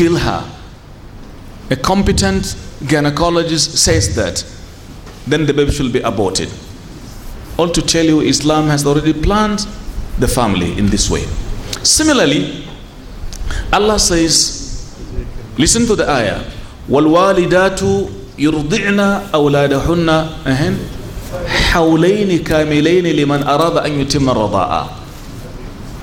kill her. A competent gynecologist says that, then the baby should be aborted. All to tell you, Islam has already planned the family in this way. Similarly, Allah says, listen to the ayah. والوالدات يرضعن أولادهن حولين كاملين لمن أراد أن يتم الرضاعة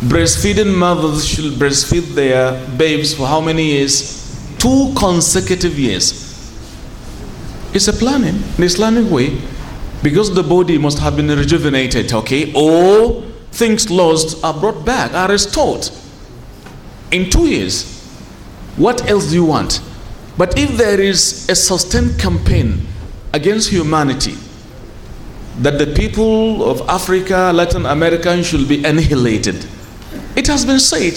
breastfeeding mothers should breastfeed their babes for how many years? Two consecutive years. It's a planning, an Islamic way, because the body must have been rejuvenated, okay? All things lost are brought back, are restored in two years. What else do you want? But if there is a sustained campaign against humanity, that the people of Africa, Latin America should be annihilated it has been said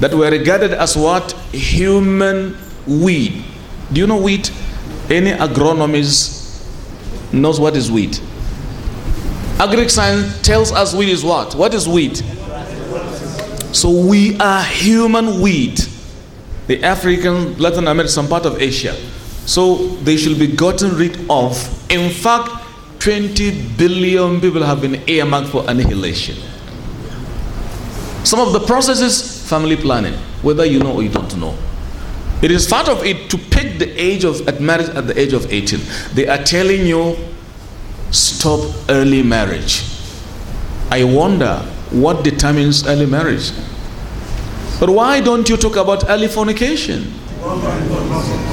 that we're regarded as what? Human weed. Do you know wheat? Any agronomist knows what is wheat. Agric science tells us wheat is what? What is wheat? So we are human wheat. The African, Latin America, some part of Asia. So they should be gotten rid of. In fact, 20 billion people have been earmarked for annihilation. Some of the processes, family planning, whether you know or you don't know. It is part of it to pick the age of at marriage at the age of 18. They are telling you stop early marriage. I wonder what determines early marriage. But why don't you talk about early fornication?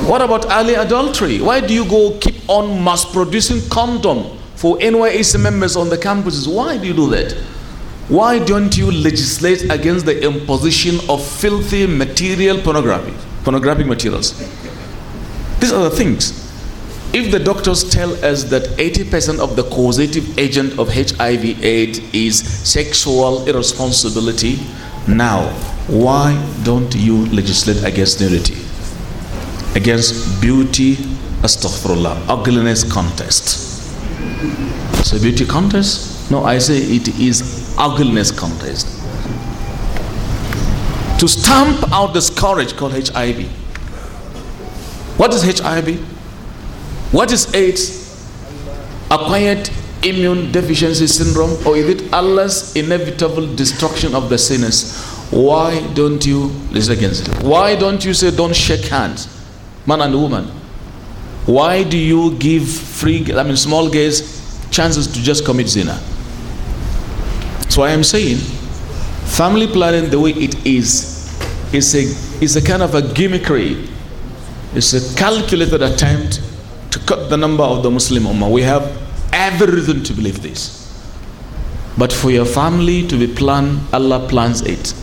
What about early adultery? Why do you go keep on mass producing condom for NYAC members on the campuses? Why do you do that? Why don't you legislate against the imposition of filthy material pornography, pornographic materials? These are the things. If the doctors tell us that 80% of the causative agent of HIV AIDS is sexual irresponsibility, now why don't you legislate against nudity? Against beauty, astaghfirullah, ugliness contest. So beauty contest? No, I say it is ugliness contest. To stamp out this courage called HIV. What is HIV? What is AIDS? Acquired immune deficiency syndrome, or is it Allah's inevitable destruction of the sinners? Why don't you listen against it? Why don't you say don't shake hands, man and woman? Why do you give free, I mean, small gays chances to just commit zina? So I am saying family planning the way it is is a is a kind of a gimmickry. It's a calculated attempt to cut the number of the Muslim Ummah. We have every reason to believe this. But for your family to be planned, Allah plans it.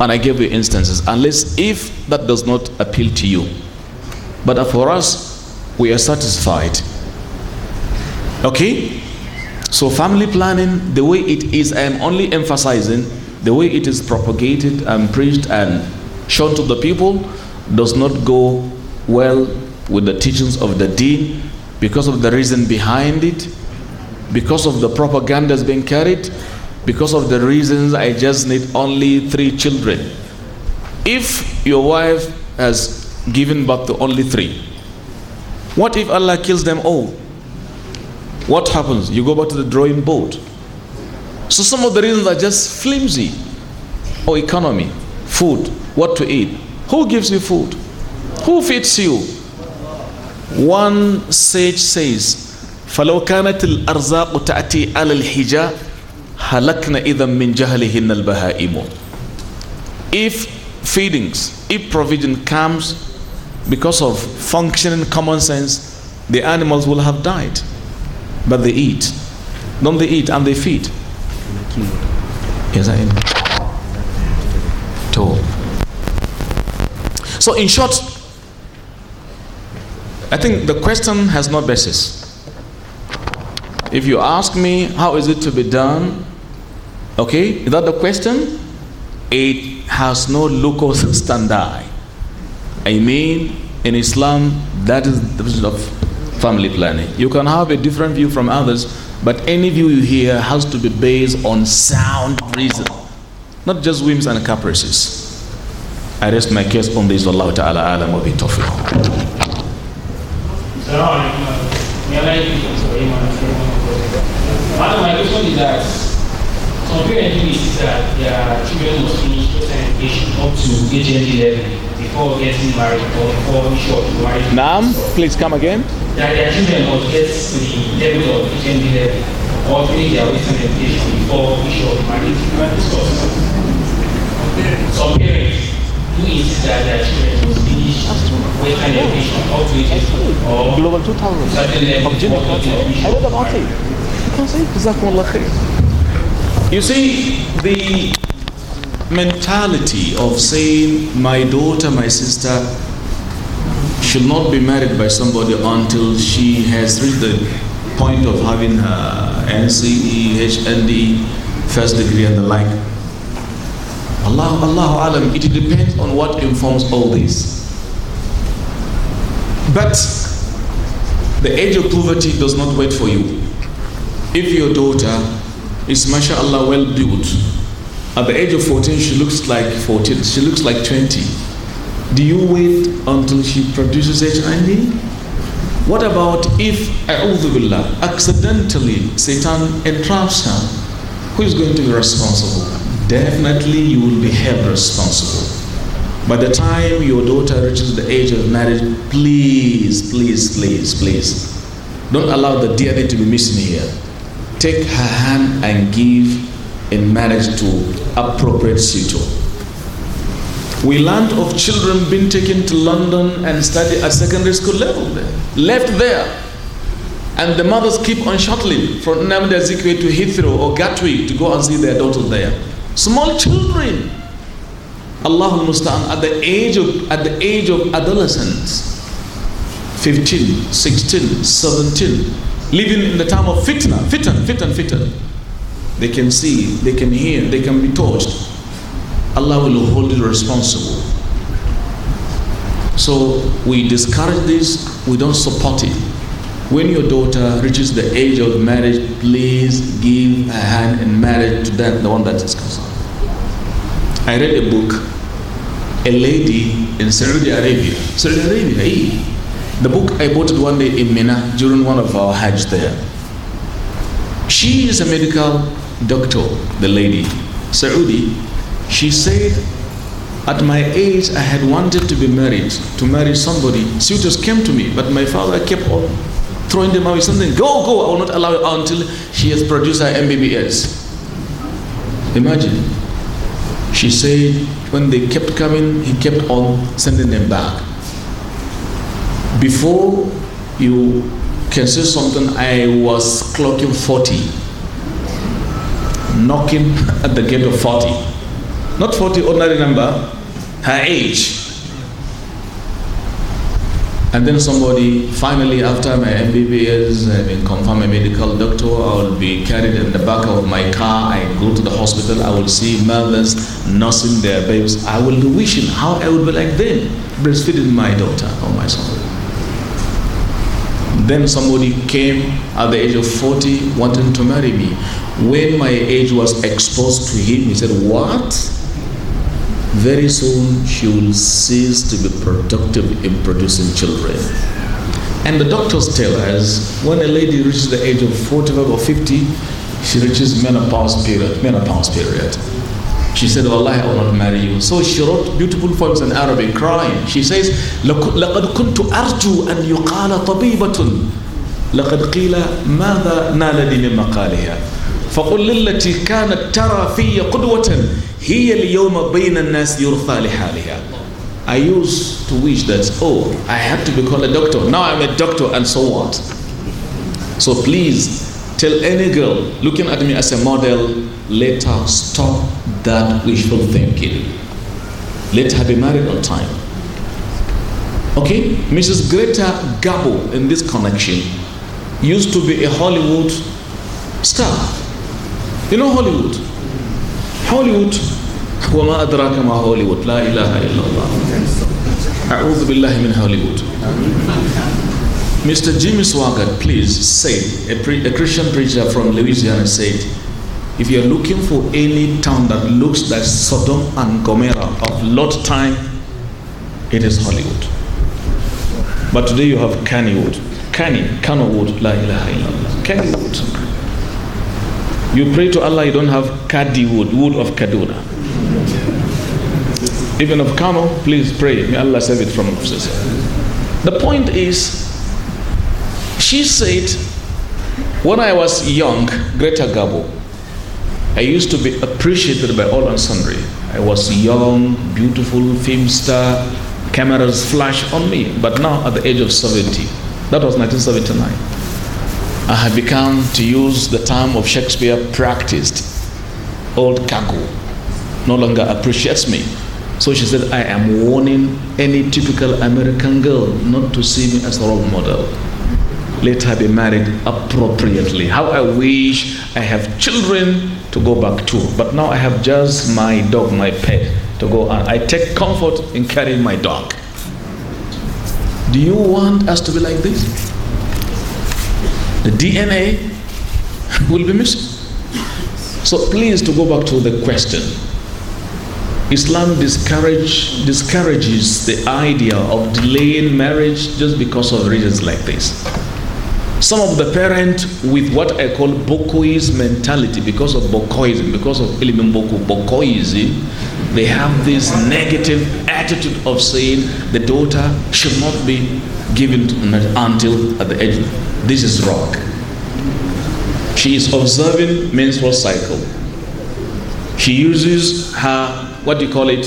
And I gave you instances, unless if that does not appeal to you. But for us, we are satisfied. Okay? So family planning, the way it is, I am only emphasizing the way it is propagated and preached and shown to the people does not go well with the teachings of the deen because of the reason behind it, because of the propaganda that's being carried, because of the reasons I just need only three children. If your wife has given birth to only three, what if Allah kills them all? What happens? You go back to the drawing board. So some of the reasons are just flimsy. Oh, economy, food, what to eat. Who gives you food? Who feeds you? One sage says, فلو كانت الأرزاق تأتي على هلكنا إذا من جهلهن البهائم If feedings, if provision comes because of functioning common sense, the animals will have died but they eat. Don't they eat and they feed? Is that it? So in short, I think the question has no basis. If you ask me how is it to be done, okay, is that the question? It has no locus standi. I mean, in Islam, that is the position of family planning. You can have a different view from others, but any view you hear has to be based on sound reason, not just whims and caprices. I rest my case on this. Wallahu ta'ala alam wa bi tawfiq. Madam, my question is that some parents believe that their children must finish education up to age 11 before getting married or before issue of marriage. Naam, please come again. That their children must get to the level of HND level or finish their wisdom education before we should marriage and discourse. Some parents who insist that their children must finish western education up to HND or Global 2000 of level of I read about it. You can say, Jazakumullah khair. You see, the mentality of saying, my daughter, my sister, should not be married by somebody until she has reached the point of having her NCE, HND, first degree, and the like. Allah, Allah, Alam, it depends on what informs all this. But the age of poverty does not wait for you. If your daughter is, mashallah, well built, at the age of 14, she looks like 14. She looks like 20. Do you wait until she produces HIV? What about if, billah, accidentally Satan entraps her? Who is going to be responsible? Definitely you will be held responsible. By the time your daughter reaches the age of marriage, please, please, please, please, don't allow the DNA to be missing here. Take her hand and give and managed to appropriate Sito. We learned of children being taken to London and study at secondary school level there, left there. And the mothers keep on shuttling from Namda Ezekwe to Heathrow or Gatwick to go and see their daughters there. Small children. Allahul Musta'an at the age of at the age of adolescence, 15, 16, 17, living in the time of fitna, fitna, fitna, fitna. They can see, they can hear, they can be touched. Allah will hold it responsible. So we discourage this, we don't support it. When your daughter reaches the age of marriage, please give a hand in marriage to that, the one that is concerned. I read a book, a lady in Saudi Arabia. Saudi Arabia, hey. The book I bought it one day in Mina during one of our Hajj there. She is a medical doctor, the lady, Saudi, she said, at my age, I had wanted to be married, to marry somebody. Suitors came to me, but my father kept on throwing them away. Something, go, go, I will not allow you until she has produced her MBBS. Imagine. She said, when they kept coming, he kept on sending them back. Before you can say something, I was clocking 40 knocking at the gate of 40. Not 40, ordinary number, her age. And then somebody, finally, after my MBBS, I've been confirmed a medical doctor, I will be carried in the back of my car, I go to the hospital, I will see mothers nursing their babies. I will be wishing how I would be like them, breastfeeding my daughter or my son. Then somebody came at the age of 40 wanting to marry me. When my age was exposed to him, he said, What? Very soon she will cease to be productive in producing children. And the doctors tell us when a lady reaches the age of 45 or 50, she reaches menopause period, menopause period. She said, Wallahi, I will not marry you. So she wrote beautiful poems in Arabic, crying. She says, لَقَدْ كُنْتُ أَرْجُو أَنْ يُقَالَ طَبِيبَةٌ لَقَدْ قِيلَ مَاذَا نَالَنِي مِنْ مَقَالِهَا فَقُلْ لِلَّتِي كَانَتْ تَرَى فِي قُدْوَةً هِيَ الْيَوْمَ بَيْنَ النَّاسِ يُرْثَى لِحَالِهَا I used to wish that, oh, I had to be called a doctor. Now I'm a doctor and so what? So please, Tell any girl looking at me as a model, let her stop that wishful thinking. Let her be married on time. Okay? Mrs. Greta Garbo, in this connection, used to be a Hollywood star. You know Hollywood? Hollywood وما أدراك ما هوليوود لا إله إلا الله أعوذ بالله من Hollywood. Mr. Jimmy Swaggart, please, say a, pre, a Christian preacher from Louisiana said, if you're looking for any town that looks like Sodom and Gomorrah of Lot time, it is Hollywood. But today you have Cannywood. Canny, Canowood, La ilaha illallah. Cannywood. You pray to Allah, you don't have Kadiwood, wood of Kaduna. Even of Kano, please pray. May Allah save it from obses. The point is, she said, When I was young, Greta Gabor, I used to be appreciated by all and sundry. I was young, beautiful film star, cameras flash on me. But now, at the age of 70, that was 1979, I have become, to use the term of Shakespeare, practiced. Old Gabor, no longer appreciates me. So she said, I am warning any typical American girl not to see me as a role model let her be married appropriately. How I wish I have children to go back to. But now I have just my dog, my pet, to go on. I take comfort in carrying my dog. Do you want us to be like this? The DNA will be missing. So please to go back to the question. Islam discourage, discourages the idea of delaying marriage just because of reasons like this some of the parents with what I call Bokoism mentality because of Bokoism, because of Ilimin Boko, Bokoism, they have this negative attitude of saying the daughter should not be given until at the age. This is wrong. She is observing menstrual cycle. She uses her, what do you call it?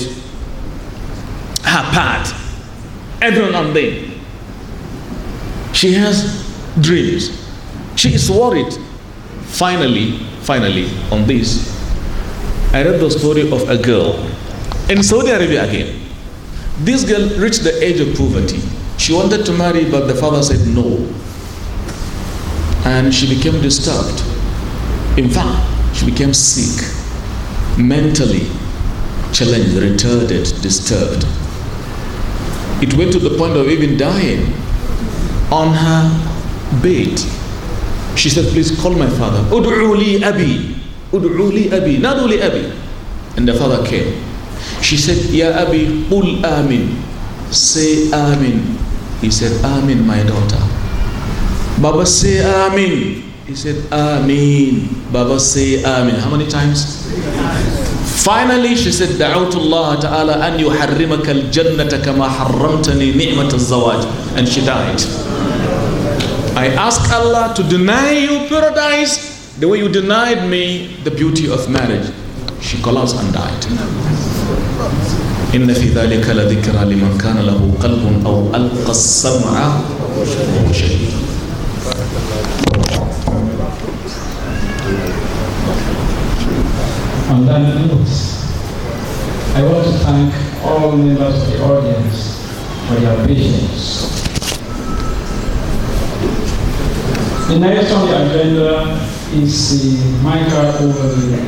Her part. Everyone on them. She has dreams. She is worried. Finally, finally, on this, I read the story of a girl in Saudi Arabia again. This girl reached the age of poverty. She wanted to marry, but the father said no. And she became disturbed. In fact, she became sick, mentally challenged, retarded, disturbed. It went to the point of even dying on her bait. She said, please call my father. Ud'u li abi. Ud'u li abi. Nadu li abi. And the father came. She said, Ya abi, qul amin. Say amin. He said, amin, my daughter. Baba, say amin. He said, "Amin." Baba say Amin. How many times? Finally, she said, دعوت الله تعالى أن يحرمك الجنة كما حرمتني نعمة الزواج. And she died. I ask Allah to deny you paradise the way you denied me the beauty of marriage. She collapsed and died. إن في ذلك لذكرى لمن كان له قلب أو ألقى السمع وهو شهيد. On that note, I want to thank all members of the audience for their patience. The next on the agenda is the uh, Michael overview.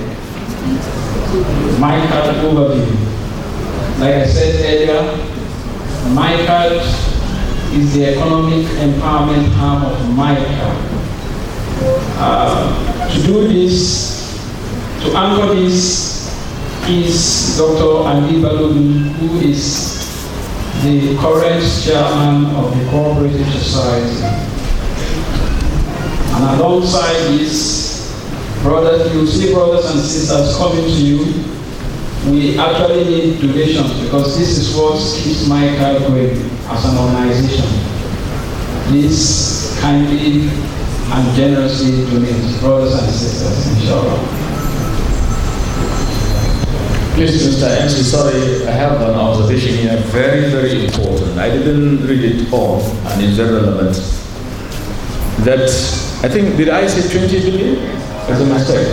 Michael overview. Like I said earlier, Michael is the economic empowerment arm of Michael. Uh, to do this, to anchor this, is Dr. Andy Balogun, who is the current chairman of the Cooperative Society. And alongside this, brothers, you see brothers and sisters coming to you. We actually need donations because this is what keeps my card going as an organization. Please kindly and generously donate, brothers and sisters, inshallah. Please, Mr. MC, sorry, I have an observation here, very, very important. I didn't read it all, and it's very relevant. That I think, did I say 20 billion? As a mistake.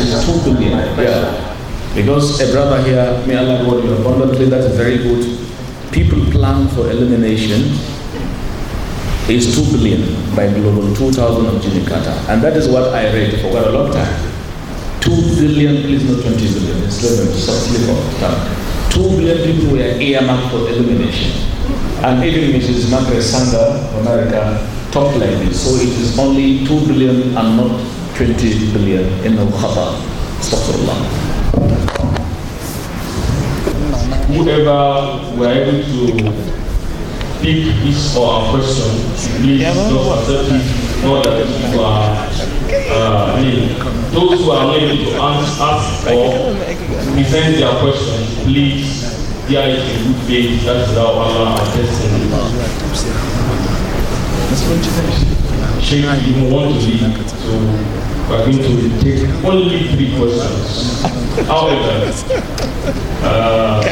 It's 2 billion. Yeah. Because a brother here, may Allah reward you abundantly, that's very good. People plan for elimination is 2 billion by global 2000 of Jimmy Carter. And that is what I read for quite a long time. 2 billion, please not 20 billion, it's 11, 2 billion people were earmarked for elimination. And even Mrs. Margaret Sanger, America, stop like this. So it is only 2 billion and not 20 in إنه خطأ. استغفر الله. Whoever were able to pick this or her question, please don't accept it, not that you are uh, Those who are able to ask, ask or present their question, please, there is a good faith, that's how Allah attests in it. Shayna didn't want to leave, so we're going to take only three questions. However, uh,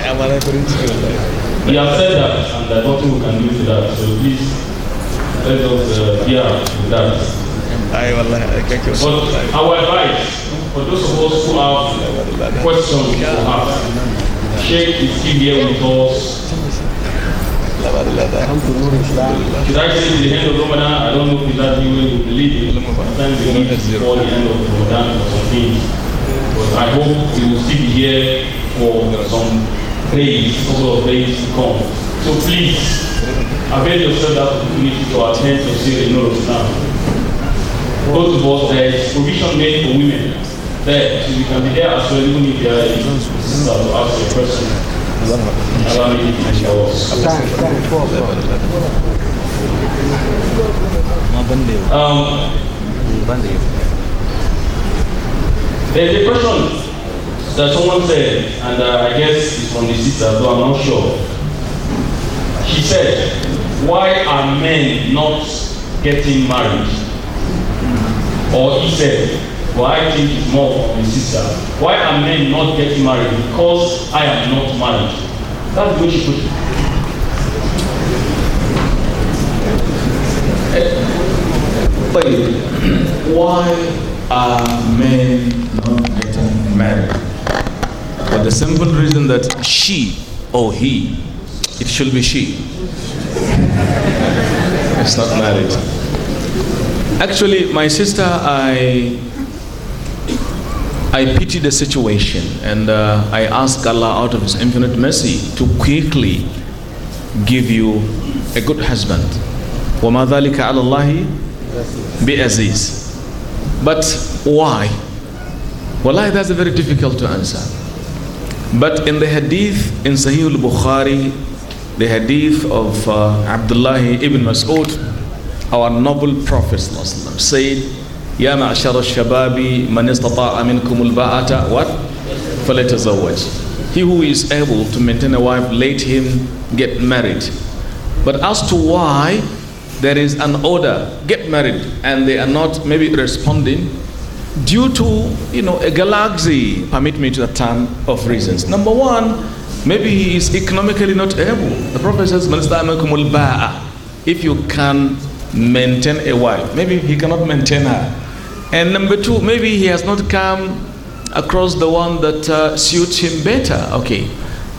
we have said that, and there's nothing we can do to that, so please let us uh, be out with that. But our advice for those of us who have questions for us, Sheikh is still here with us the end of Ramadan. I don't know if you believe Sometimes you before the end of Ramadan But I hope we will still be here for some days, couple of praise to come. So please, avail yourself that opportunity to attend to see the of now. Both of us, there is provision made for women there, so you can be there as well, even if there is sister to ask your question. Um, there's a question that someone said, and uh, I guess it's from the sister, though I'm not sure. She said, Why are men not getting married? Or he said, why change more and sister? Why are men not getting married? Because I am not married. That's the way she put it. But why are men not getting married? For the simple reason that she or he, it should be she. it's not married. Actually, my sister, I I pity the situation and uh, I ask Allah out of His infinite mercy to quickly give you a good husband. But why? Wallahi, that's very difficult to answer. But in the hadith in Sahih al-Bukhari, the hadith of uh, Abdullah ibn Mas'ud, our noble Prophet said, يا معشر الشباب من استطاع منكم الباءة what فليتزوج he who is able to maintain a wife let him get married but as to why there is an order get married and they are not maybe responding due to you know a galaxy permit me to the term of reasons number one maybe he is economically not able the prophet says if you can maintain a wife maybe he cannot maintain her and number two, maybe he has not come across the one that uh, suits him better. Okay.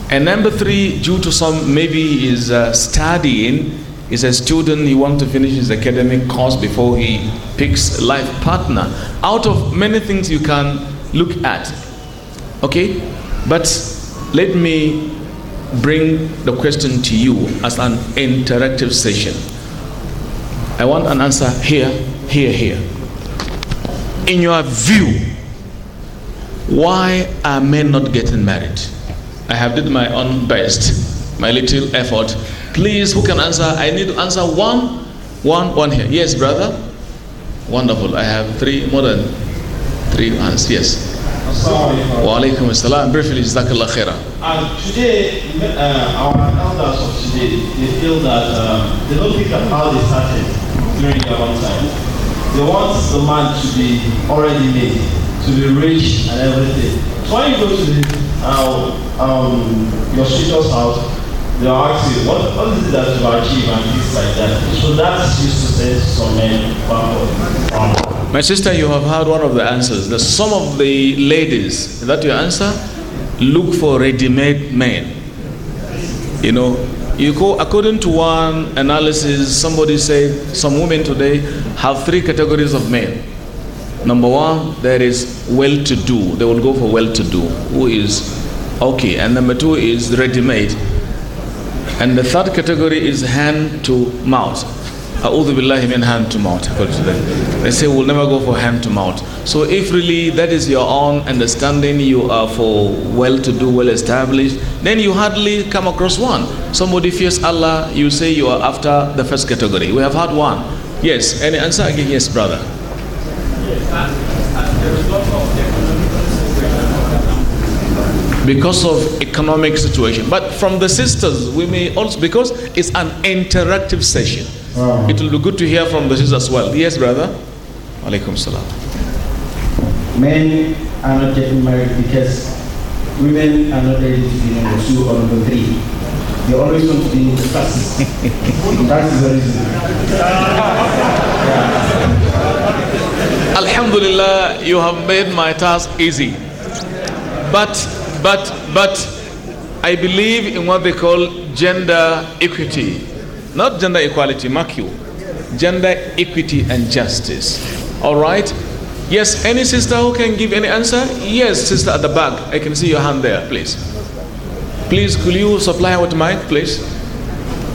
And number three, due to some, maybe he's uh, studying, he's a student, he wants to finish his academic course before he picks life partner. Out of many things you can look at. Okay? But let me bring the question to you as an interactive session. I want an answer here, here, here in your view, why are men not getting married? I have did my own best, my little effort. Please, who can answer? I need to answer one, one, one here. Yes, brother. Wonderful. I have three more than three answers. Yes. Wa alaikum assalam. Briefly, jazakallah khairah. today, uh, our elders of today, they feel that uh, they don't pick how they started during their own time. They want the man to be already made, to be rich and everything. So when you go to the, uh, um, your tutor's house, they'll ask you, what, what is it that you achieve and things like that. So that used to say some men, my sister, you have heard one of the answers. That some of the ladies, is that your answer? Look for ready-made men. You know, you go, according to one analysis, somebody said some women today have three categories of men. Number one, there is well to do. They will go for well to do, who is okay. And number two is ready made. And the third category is hand to mouth A'udhu billahi min hand to mouth, according to them. They say we'll never go for hand to mouth. So if really that is your own understanding, you are for well-to-do, well-established, then you hardly come across one. Somebody fears Allah, you say you are after the first category. We have had one. Yes, any answer again? Yes, brother. because of economic situation but from the sisters we may also because it's an interactive session Oh. It will be good to hear from the sisters as well. Yes, brother. Alaikum salam. Men are not getting married because women are not ready to be number two or number three. They always want to be the first. that is the reason. yeah. Alhamdulillah, you have made my task easy. But, but, but, I believe in what they call gender equity not gender equality, mark you. Gender equity and justice. All right? Yes, any sister who can give any answer? Yes, sister at the back. I can see your hand there, please. Please, could you supply with mic, please?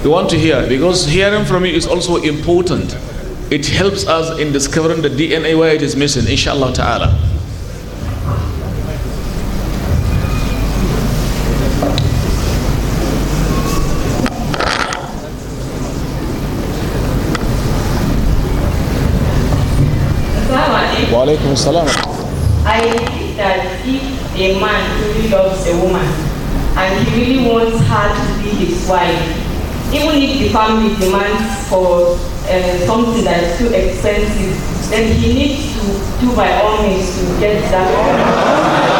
We want to hear because hearing from you is also important. It helps us in discovering the DNA where it is missing, inshallah ta'ala. salam. I think that if a man truly loves a woman and he really wants her to be his wife, even if the family demands for uh, something that is too expensive, then he needs to do by all means to get that.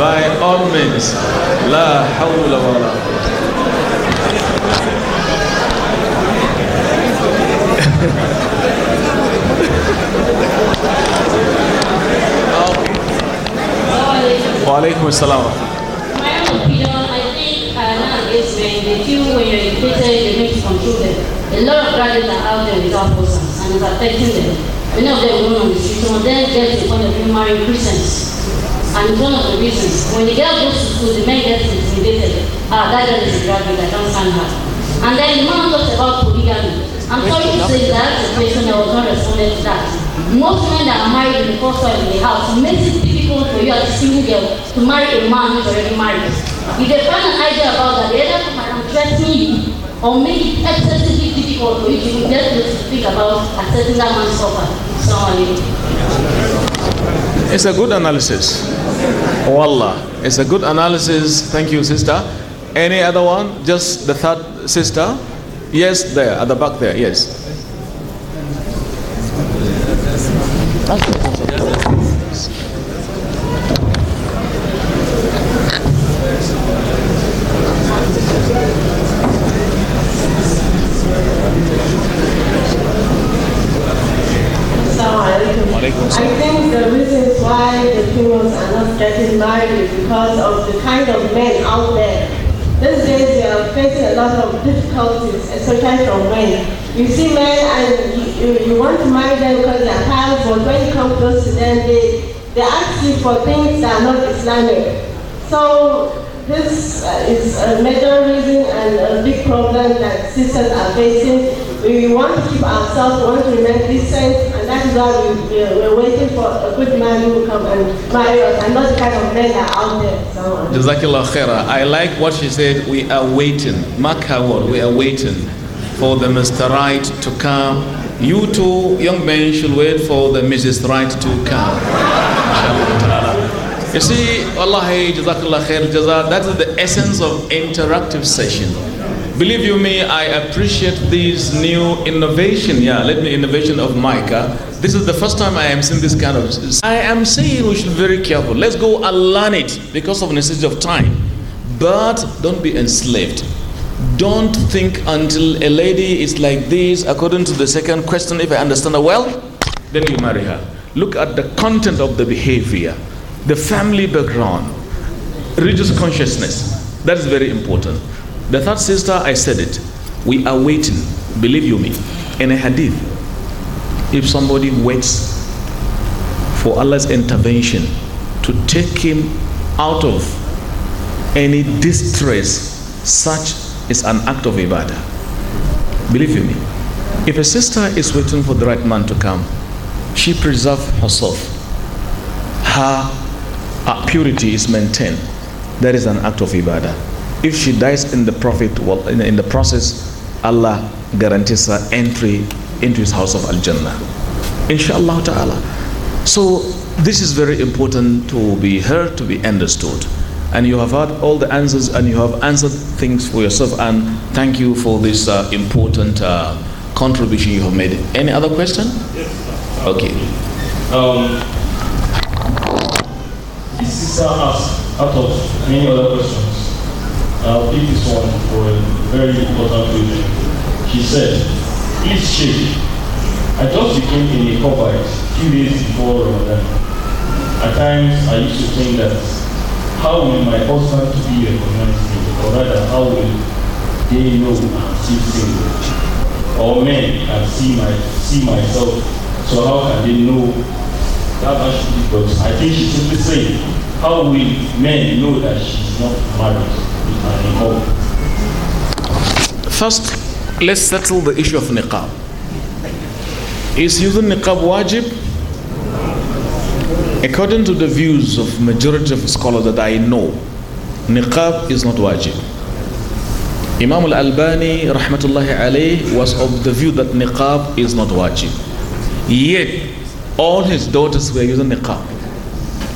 by all means, la hawla wa Walaikum assalam. My own opinion, I think uh, nowadays when The feel when you're educated, you need to control them. A lot of graduates are out there without persons and it's affecting them. Many of them run on the street, some of them get to the point of being married Christians. And it's one of the reasons. When the girl goes to school, the men get intimidated. Ah, that girl is a graduate, I do not stand her. And then the man talks about polygamy. I'm sorry to say that based on your to that most men that are married in the first time in the house makes it difficult for you as a single girl to marry a man who's already married. If they find an idea about that, they either come and threatening you or make it excessively difficult for you to get to speak about accepting that man's offer. Someone it's a good analysis. Wallah. It's a good analysis. Thank you, sister. Any other one? Just the third sister? Yes, there, at the back there, yes. I think the reason why the females are not getting married is because of the kind of men out there these days we are facing a lot of difficulties, especially from men. You see men and you, you, you want to marry them because they are powerful, but when you come close to them, they, they ask you for things that are not Islamic. So this uh, is a major reason and a big problem that sisters are facing. We want to keep ourselves, we want to remain decent that we, uh, we're waiting for a good man who will come and marry us, and not the kind of men that are out there Jazakallah khairah. I like what she said. We are waiting. Mark We are waiting for the Mr. Right to come. You two young men should wait for the Mrs. Right to come. you see, Allah, Jazakallah khair, Jazak, that is the essence of interactive session. Believe you me, I appreciate this new innovation. Yeah, let me innovation of Micah. This is the first time I am seeing this kind of. I am saying we should be very careful. Let's go and learn it because of necessity of time. But don't be enslaved. Don't think until a lady is like this, according to the second question, if I understand her well, then you marry her. Look at the content of the behavior, the family background, religious consciousness. That is very important. The third sister, I said it. We are waiting, believe you me, in a hadith if somebody waits for Allah's intervention to take him out of any distress, such is an act of ibadah. Believe me, if a sister is waiting for the right man to come, she preserves herself. Her purity is maintained. That is an act of ibadah. If she dies in the, prophet, well, in the process, Allah guarantees her entry into his house of Al Jannah. Inshallah ta'ala. So, this is very important to be heard, to be understood. And you have had all the answers and you have answered things for yourself. And thank you for this uh, important uh, contribution you have made. Any other question? Yes. Okay. Um, this is uh, asked out of many other questions. I'll give this one for a very important reason. She said, this shape. I just became in a cobalt few days before Ramadan. At times, I used to think that how will my husband be recognized me? Or rather, how will they know I'm still single? Or men can see, my, see myself, so how can they know that actually because I think she's simply saying, how will men know that she's not married with an incumbent? First, let's settle the issue of niqab. Is using niqab wajib? According to the views of majority of scholars that I know, niqab is not wajib. Imam al-Albani rahmatullahi alayh was of the view that niqab is not wajib. Yet, all his daughters were using niqab.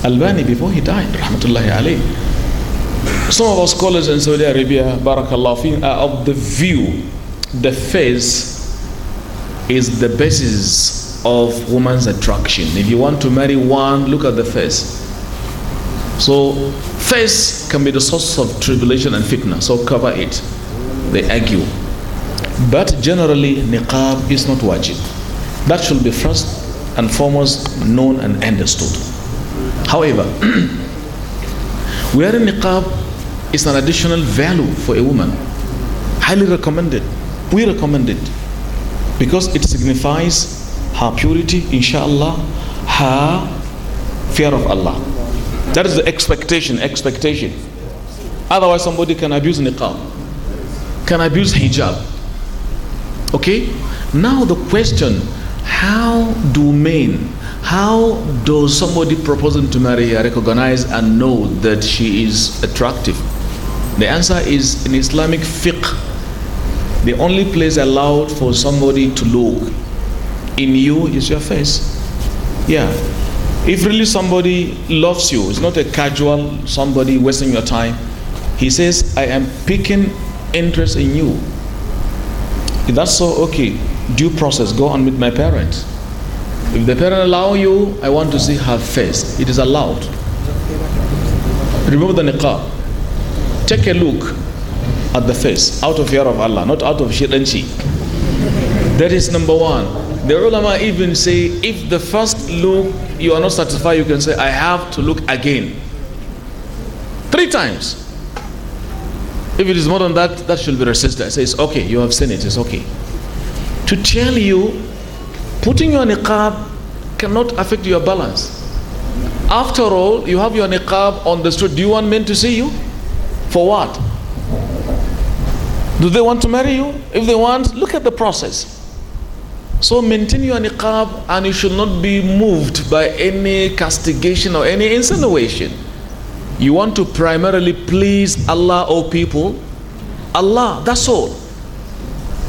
Albani before he died rahmatullahi alayh. Some of our scholars in Saudi Arabia, barakallahu fi, are of the view the face is the basis of woman's attraction. If you want to marry one, look at the face. So, face can be the source of tribulation and fitna, so cover it. They argue. But generally, niqab is not wajib. That should be first and foremost known and understood. However, wearing niqab is an additional value for a woman, highly recommended we recommend it because it signifies her purity, inshallah, her fear of Allah. That is the expectation, expectation. Otherwise, somebody can abuse niqab, can abuse hijab. Okay? Now, the question how do men, how does somebody proposing to marry her recognize and know that she is attractive? The answer is in Islamic fiqh the only place allowed for somebody to look in you is your face. Yeah. If really somebody loves you, it's not a casual somebody wasting your time. He says, I am picking interest in you. If that's so, okay, due process, go and meet my parents. If the parent allow you, I want to see her face. It is allowed. Remove the niqab. Take a look at the face out of fear of Allah, not out of shiranchi. That is number one. The ulama even say if the first look you are not satisfied, you can say, I have to look again. Three times. If it is more than that, that should be resisted. I say, it's okay, you have seen it, it's okay. To tell you, putting your niqab cannot affect your balance. After all, you have your niqab on the street. Do you want men to see you? For what? Do they want to marry you? If they want, look at the process. So maintain your niqab and you should not be moved by any castigation or any insinuation. You want to primarily please Allah or people? Allah, that's all.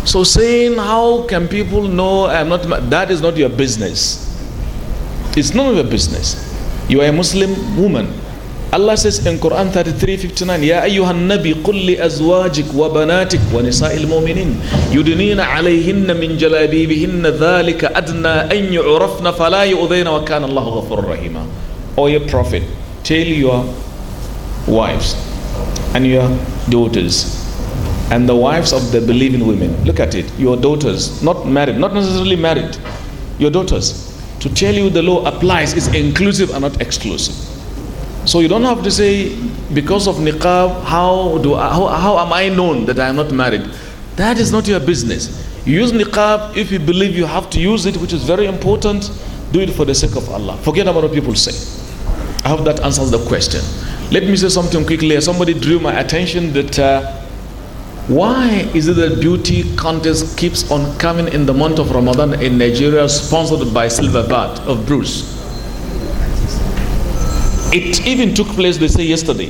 So saying how can people know I'm not that is not your business. It's none of your business. You are a Muslim woman. Allah says in Quran 33:59, Ya ayyuhan nabi qul li azwajik wa banatik wa nisa'il mu'minin yudnina alayhinna min jalabibihinna dhalika adna an yu'rafna fala yu'dhina wa kana Allahu ghafurur rahima. O your prophet, tell your wives and your daughters and the wives of the believing women. Look at it. Your daughters, not married, not necessarily married. Your daughters. To tell you the law applies, is inclusive and not exclusive. So you don't have to say, because of niqab, how, do I, how, how am I known that I am not married? That is not your business. You use niqab if you believe you have to use it, which is very important. Do it for the sake of Allah. Forget about what people say. I hope that answers the question. Let me say something quickly. Somebody drew my attention that uh, why is it that beauty contest keeps on coming in the month of Ramadan in Nigeria, sponsored by Silverbird of Bruce? It even took place, they say, yesterday.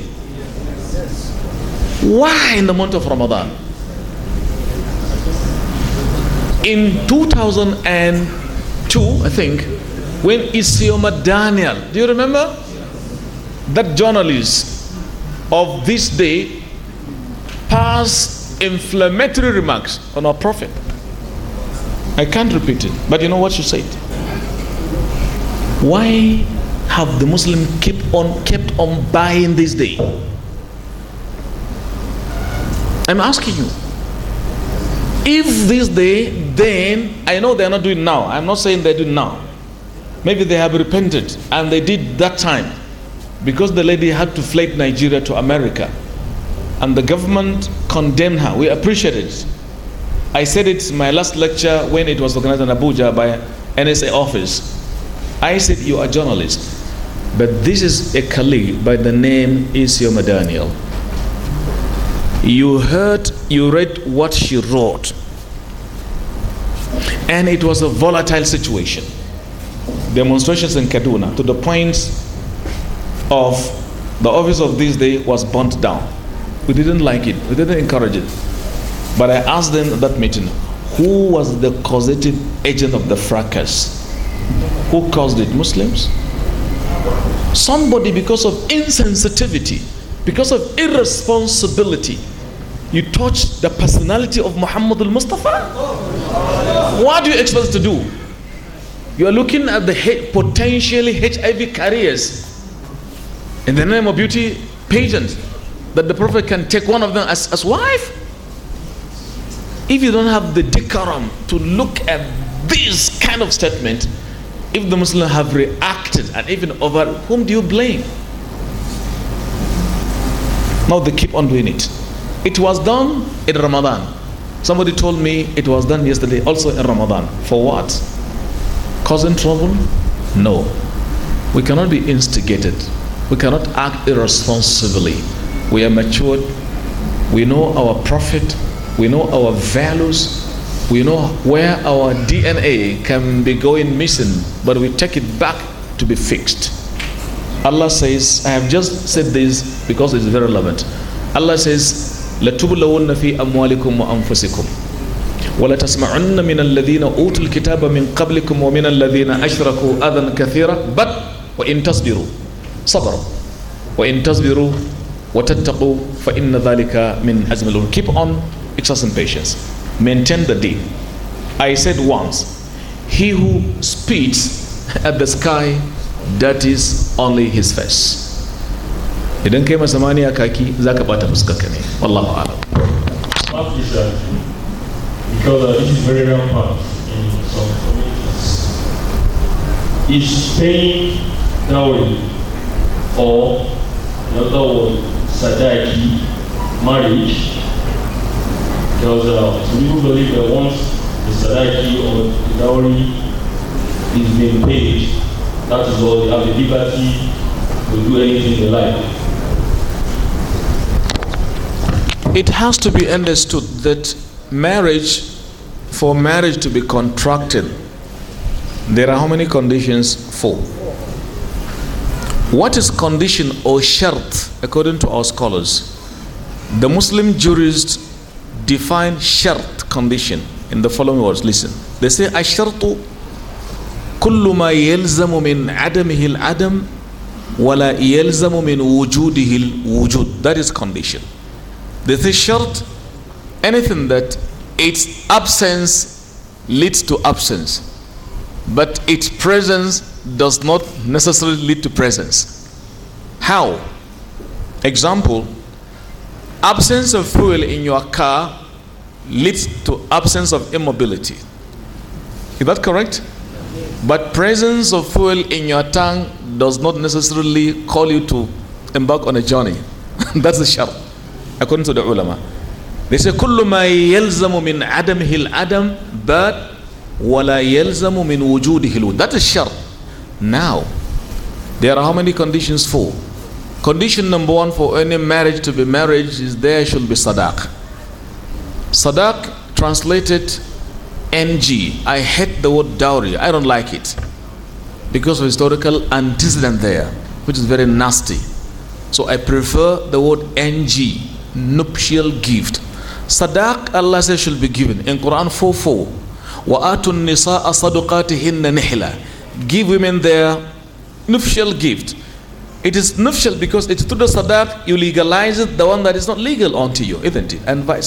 Why in the month of Ramadan? In 2002, I think, when Isioma Daniel, do you remember? That journalist of this day passed inflammatory remarks on our prophet. I can't repeat it, but you know what she said? Why have the Muslim kept on kept on buying this day? I'm asking you. If this day, then I know they're not doing now. I'm not saying they do now. Maybe they have repented and they did that time because the lady had to flee Nigeria to America and the government condemned her. We appreciate it. I said it in my last lecture when it was organized in Abuja by NSA office. I said, You are journalists but this is a colleague by the name Isioma Daniel. You heard, you read what she wrote. And it was a volatile situation. Demonstrations in Kaduna to the point of the office of this day was burnt down. We didn't like it, we didn't encourage it. But I asked them at that meeting who was the causative agent of the fracas? Who caused it? Muslims? Somebody, because of insensitivity, because of irresponsibility, you touch the personality of Muhammad al Mustafa. What do you expect to do? You are looking at the potentially HIV carriers in the name of beauty pageant that the Prophet can take one of them as, as wife. If you don't have the decorum to look at this kind of statement, if the Muslims have reacted and even over, whom do you blame? Now they keep on doing it. It was done in Ramadan. Somebody told me it was done yesterday, also in Ramadan. For what? Causing trouble? No. We cannot be instigated. We cannot act irresponsibly. We are matured. We know our Prophet. We know our values we know where our DNA can be going missing, but we take it back to be fixed. Allah says, I have just said this because it's very relevant. Allah says, لَتُبْلَوُنَّ فِي أَمْوَالِكُمْ وَأَنفُسِكُمْ ولتسمعن من الذين أوتوا الكتاب من قبلكم ومن الذين أشركوا أذى كثيرا بل وإن تصبروا صبروا وإن تصبروا وتتقوا فإن ذلك من عزم keep on exercising patience maintain the deen. I said once, he who spits at the sky, that is only his face. Idan kai masa maniya kaki za ka bata fuskarka ne. Wallahu a'lam. Because uh, is very rampant in some communities. or another word, sadaki, marriage, because uh, believe that once the salary or the dowry is being paid, that is all they have the liberty to do anything they like. It has to be understood that marriage, for marriage to be contracted, there are how many conditions? Four. What is condition or shart according to our scholars? The Muslim jurist define shart condition in the following words. Listen. They say ashartu kullu ma yalzamu min adamihi adam wala yalzamu min wujudihi That is condition. They say shart anything that its absence leads to absence but its presence does not necessarily lead to presence. How? Example, absence of fuel in your car leads to absence of immobility. Is that correct? But presence of fuel in your tongue does not necessarily call you to embark on a journey. That's the shart, according to the ulama. They say, كل ما يلزم من عدمه Adam but ولا يلزم من وجوده الوجود. That is shart. Now, there are how many conditions for? Condition number one for any marriage to be marriage is there should be sadaq. Sadaq translated ng. I hate the word dowry. I don't like it because of historical antecedent there, which is very nasty. So I prefer the word NG, nuptial gift. Sadaq, Allah says, should be given in Quran 4:4. 4. وَآتُ النِّسَاءَ صَدُقَاتِهِنَّ nihila. Give women their nuptial gift. It is nuptial because it's through the sadaq you legalize it, the one that is not legal onto you, isn't it? And vice